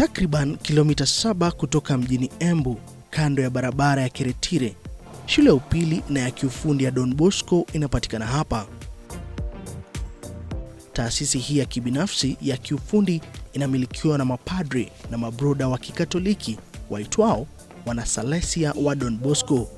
takriban kilomita saba kutoka mjini Embu, kando ya barabara ya Keretire. Shule ya upili na ya kiufundi ya Don Bosco inapatikana hapa. Taasisi hii ya kibinafsi ya kiufundi inamilikiwa na mapadri na mabroda wa Kikatoliki waitwao Wanasalesia wa Don Bosco.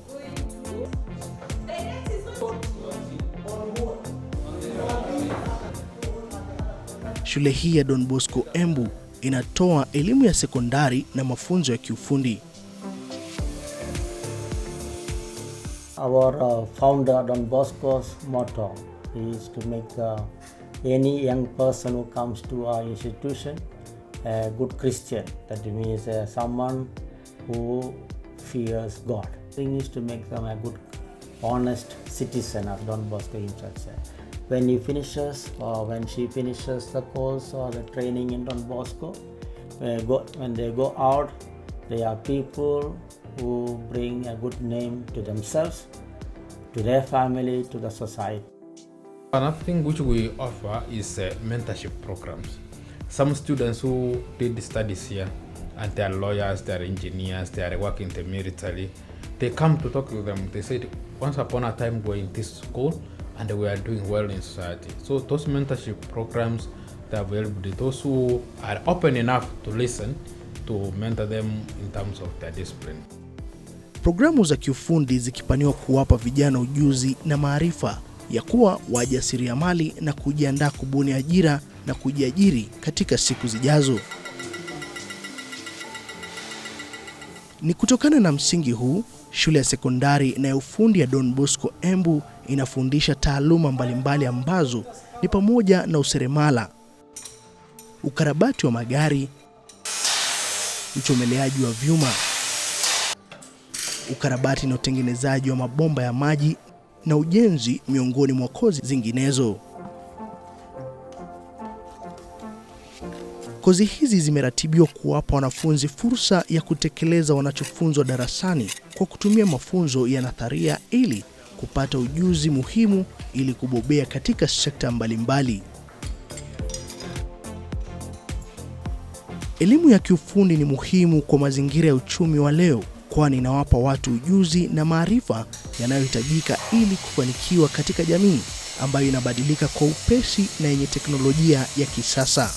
Shule hii ya Don Bosco Embu inatoa elimu ya sekondari na mafunzo ya kiufundi. Our uh, founder Don Bosco's motto is to make uh, any young person who comes to our institution a good Christian. That means uh, someone who fears God. The thing is to make them a good honest citizen as Don Bosco himself said. when he finishes or when she finishes the course or the training in Don Bosco. Go, when they go out, they are people who bring a good name to themselves, to their family, to the society. Another thing which we offer is uh, mentorship programs. Some students who did studies here and they are lawyers, they are engineers, they are working in the military, they come to talk to them. They said, once upon a time we are in this school, and we are doing well in society. So those mentorship programs that have helped those who are open enough to listen to mentor them in terms of their discipline. Programu za kiufundi zikipaniwa kuwapa vijana ujuzi na maarifa ya kuwa wajasiriamali na kujiandaa kubuni ajira na kujiajiri katika siku zijazo. Ni kutokana na msingi huu, shule ya sekondari na ya ufundi ya Don Bosco Embu inafundisha taaluma mbalimbali ambazo ni pamoja na useremala, ukarabati wa magari, uchomeleaji wa vyuma, ukarabati na utengenezaji wa mabomba ya maji na ujenzi, miongoni mwa kozi zinginezo. Kozi hizi zimeratibiwa kuwapa wanafunzi fursa ya kutekeleza wanachofunzwa darasani kwa kutumia mafunzo ya nadharia ili kupata ujuzi muhimu ili kubobea katika sekta mbalimbali. Elimu ya kiufundi ni muhimu kwa mazingira ya uchumi wa leo, kwani inawapa watu ujuzi na maarifa yanayohitajika ili kufanikiwa katika jamii ambayo inabadilika kwa upesi na yenye teknolojia ya kisasa.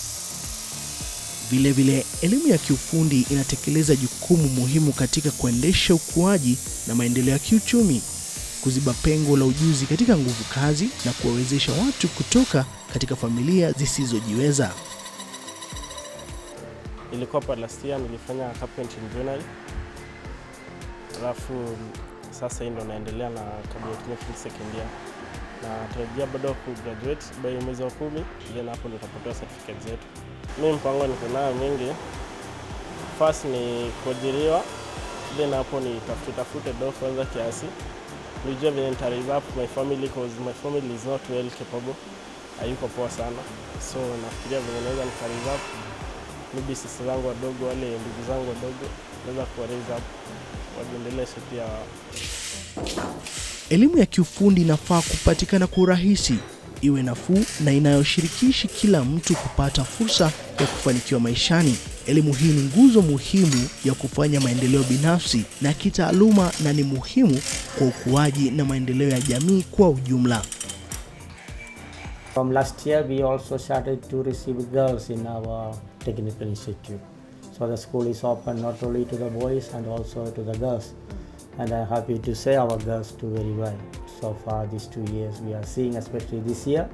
Vilevile, elimu ya kiufundi inatekeleza jukumu muhimu katika kuendesha ukuaji na maendeleo ya kiuchumi kuziba pengo la ujuzi katika nguvu kazi na kuwawezesha watu kutoka katika familia zisizojiweza. Ilikuwa hapa last year nilifanya carpentry journal, alafu sasa hii ndo naendelea na cabinet second year na tarajia bado ku graduate by mwezi wa kumi, then hapo ndo certificate zetu. Mimi mpango niko nayo mingi, first ni kuajiriwa, then hapo nitafute tafute do kwanza kiasi Unajua vile nitarevive up my family cause my family is not well capable. Hayuko poa sana. So nafikiria vile naweza nitarevive up maybe sisi zangu wadogo wale ndugu zangu wadogo naweza ku raise up wajiendeleze pia. Elimu ya kiufundi inafaa kupatikana kwa urahisi, iwe nafuu na inayoshirikishi kila mtu kupata fursa ya kufanikiwa maishani. Elimu hii ni nguzo muhimu ya kufanya maendeleo binafsi na kitaaluma na ni muhimu kwa ukuaji na maendeleo ya jamii kwa ujumla. From last year we also started to receive girls in our technical institute. So the school is open not only to the boys and also to the girls. And I'm happy to say our girls do very well. So far these two years we are seeing, especially this year,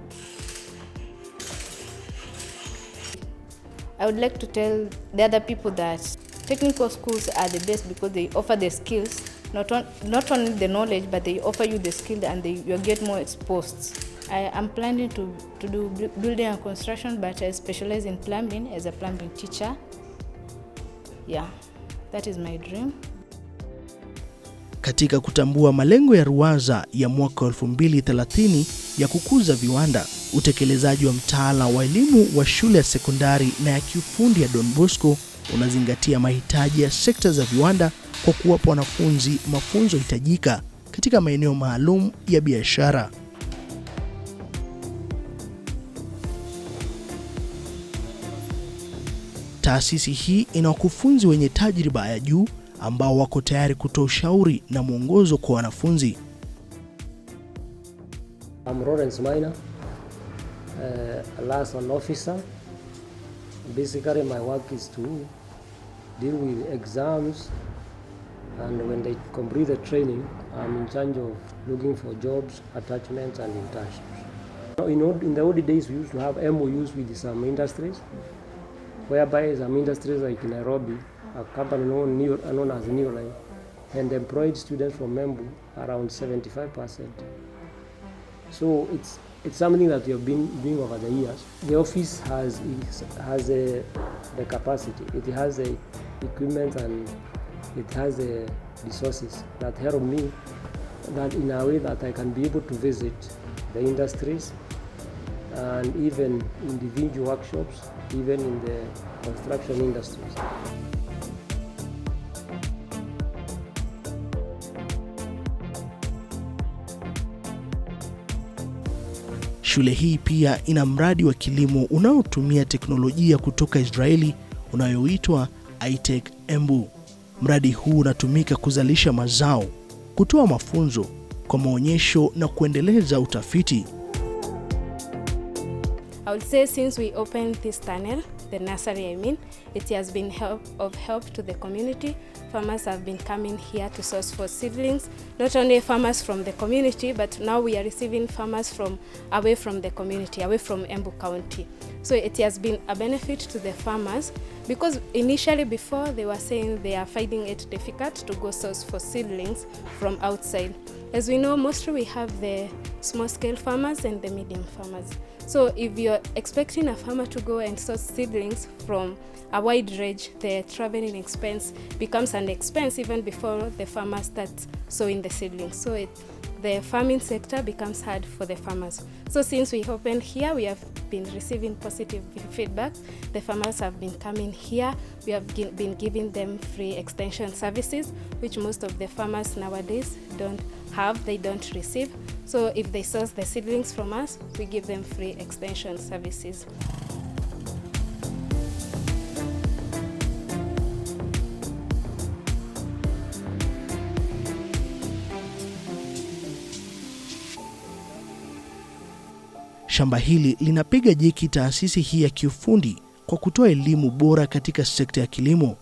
I would like to tell the other people that technical schools are the best because they offer the skills, not, on, not only the knowledge, but they offer you the skills and they, you get more exposed. I am planning to, to do building and construction, but I specialize in plumbing as a plumbing teacher. Yeah, that is my dream. Katika kutambua malengo ya Ruwaza ya mwaka 2030 ya kukuza viwanda Utekelezaji wa mtaala wa elimu wa shule ya sekondari na ya kiufundi ya Don Bosco unazingatia mahitaji ya sekta za viwanda kwa kuwapa wanafunzi mafunzo hitajika katika maeneo maalum ya biashara. Taasisi hii ina wakufunzi wenye tajriba ya juu ambao wako tayari kutoa ushauri na mwongozo kwa wanafunzi. I'm Lawrence Maina. uh, last an officer. Basically, my work is to deal with exams, and when they complete the training, I'm in charge of looking for jobs, attachments, and internships. In, old, in the old days, we used to have MOUs with some industries, whereby some industries like Nairobi, a company known, known as Newline, and employed students from Membu around 75%. So it's it's something that you've been doing over the years. The office has has a, the capacity, it has the equipment, and it has the resources that help me that in a way that I can be able to visit the industries and even individual workshops, even in the construction industries. Shule hii pia ina mradi wa kilimo unaotumia teknolojia kutoka Israeli unayoitwa iTech Embu. Mradi huu unatumika kuzalisha mazao, kutoa mafunzo kwa maonyesho na kuendeleza utafiti. I would say since we opened this tunnel, the nursery I mean, it has been help, of help to the community farmers have been coming here to source for seedlings, not only farmers from the community, but now we are receiving farmers from away from the community, away from Embu County. So it has been a benefit to the farmers because initially before they were saying they are finding it difficult to go source for seedlings from outside. As we know, mostly we have the small scale farmers and the medium farmers. So if you're expecting a farmer to go and source seedlings from a wide range, the traveling expense becomes an expense even before the farmer starts sowing the seedlings. So it the farming sector becomes hard for the farmers. So since we opened here, we have been receiving positive feedback. The farmers have been coming here. We have been giving them free extension services, which most of the farmers nowadays don't have, they don't receive. So if they source the seedlings from us, we give them free extension services. Shamba hili linapiga jeki taasisi hii ya kiufundi kwa kutoa elimu bora katika sekta ya kilimo.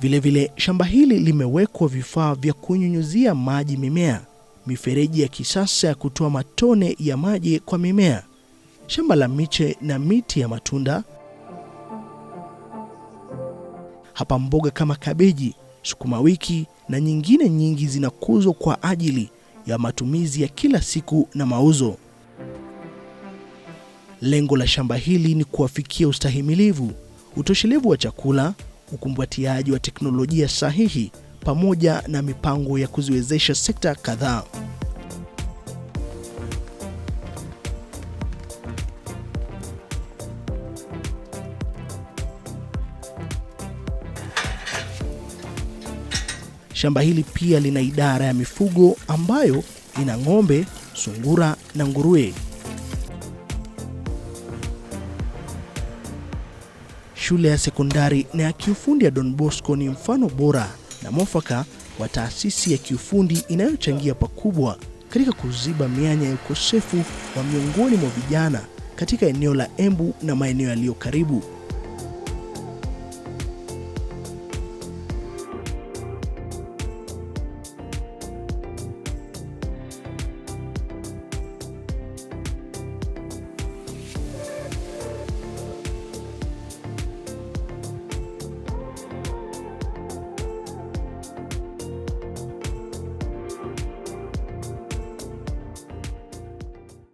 Vilevile vile, shamba hili limewekwa vifaa vya kunyunyuzia maji mimea, mifereji ya kisasa ya kutoa matone ya maji kwa mimea, shamba la miche na miti ya matunda. Hapa mboga kama kabeji, sukuma wiki na nyingine nyingi zinakuzwa kwa ajili ya matumizi ya kila siku na mauzo. Lengo la shamba hili ni kuwafikia ustahimilivu, utoshelevu wa chakula, ukumbatiaji wa teknolojia sahihi pamoja na mipango ya kuziwezesha sekta kadhaa. Shamba hili pia lina idara ya mifugo ambayo ina ng'ombe, sungura na nguruwe. shule ya sekondari na ya kiufundi ya Don Bosco ni mfano bora na mwafaka wa taasisi ya kiufundi inayochangia pakubwa katika kuziba mianya ya ukosefu wa miongoni mwa vijana katika eneo la Embu na maeneo yaliyo karibu.